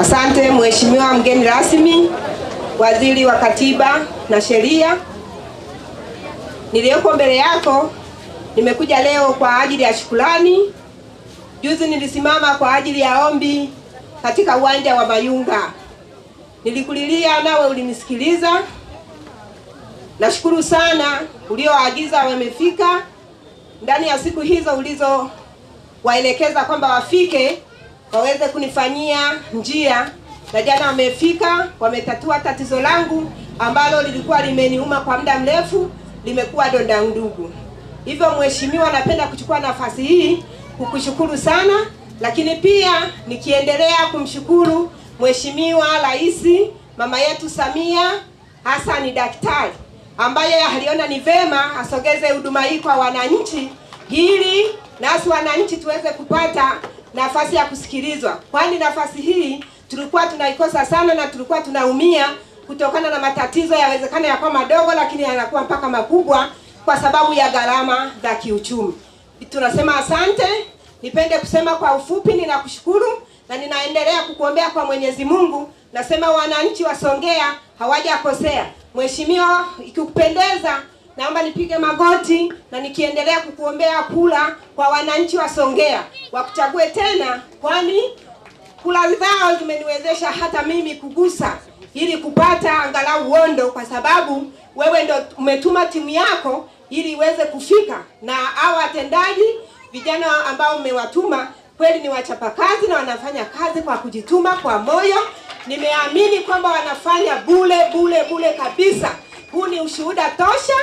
Asante Mheshimiwa mgeni rasmi, Waziri wa Katiba na Sheria, niliyoko mbele yako nimekuja leo kwa ajili ya shukrani. Juzi nilisimama kwa ajili ya ombi katika uwanja wa Mayunga, nilikulilia nawe ulinisikiliza. Nashukuru sana, ulioagiza wamefika ndani ya siku hizo ulizowaelekeza kwamba wafike waweze kunifanyia njia, na jana wamefika, wametatua tatizo langu ambalo lilikuwa limeniuma kwa muda mrefu, limekuwa donda ndugu. Hivyo mheshimiwa, napenda kuchukua nafasi hii kukushukuru sana, lakini pia nikiendelea kumshukuru mheshimiwa Rais mama yetu Samia Hassan Daktari ambaye aliona ni vema asogeze huduma hii kwa wananchi ili nasi wananchi tuweze kupata nafasi ya kusikilizwa, kwani nafasi hii tulikuwa tunaikosa sana na tulikuwa tunaumia kutokana na matatizo yawezekana yakuwa madogo, lakini yanakuwa mpaka makubwa kwa sababu ya gharama za kiuchumi. Tunasema asante. Nipende kusema kwa ufupi, ninakushukuru na ninaendelea kukuombea kwa Mwenyezi Mungu. Nasema wananchi wa Songea hawajakosea. Mheshimiwa, ikikupendeza naomba nipige magoti na nikiendelea kukuombea kula kwa wananchi wa Songea wakuchague tena, kwani kula zao zimeniwezesha hata mimi kugusa ili kupata angalau uondo, kwa sababu wewe ndo umetuma timu yako ili iweze kufika, na hawa watendaji vijana ambao umewatuma kweli ni wachapakazi na wanafanya kazi kwa kujituma, kwa moyo. Nimeamini kwamba wanafanya bule bule bule kabisa. Huu ni ushuhuda tosha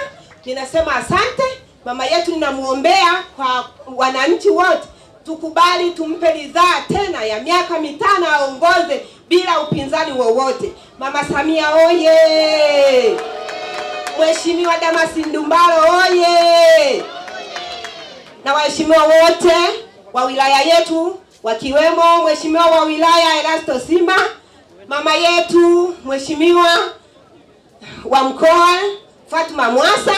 Ninasema asante mama yetu, ninamuombea kwa wananchi wote, tukubali tumpe ridhaa tena ya miaka mitano aongoze bila upinzani wowote. Mama Samia oye! Mheshimiwa Damasi Ndumbaro oye! na waheshimiwa wote wa wilaya yetu wakiwemo mheshimiwa wa wilaya Erasto Sima, mama yetu mheshimiwa wa mkoa Fatuma Mwasa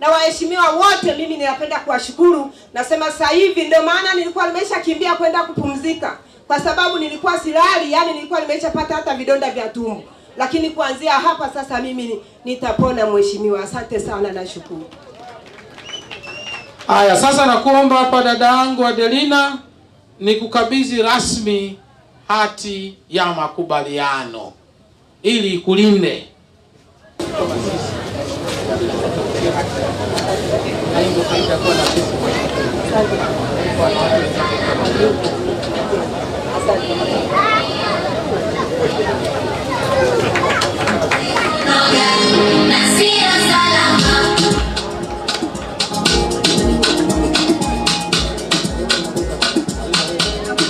na waheshimiwa wote, mimi ninapenda kuwashukuru. Nasema sasa hivi ndio maana nilikuwa nimesha kimbia kwenda kupumzika, kwa sababu nilikuwa silali, yani nilikuwa nimeshapata hata vidonda vya tumbo, lakini kuanzia hapa sasa mimi nitapona. Mheshimiwa, asante sana na shukuru. Haya, sasa nakuomba hapa dada yangu Adelina nikukabidhi rasmi hati ya makubaliano ili kulinde Thank you.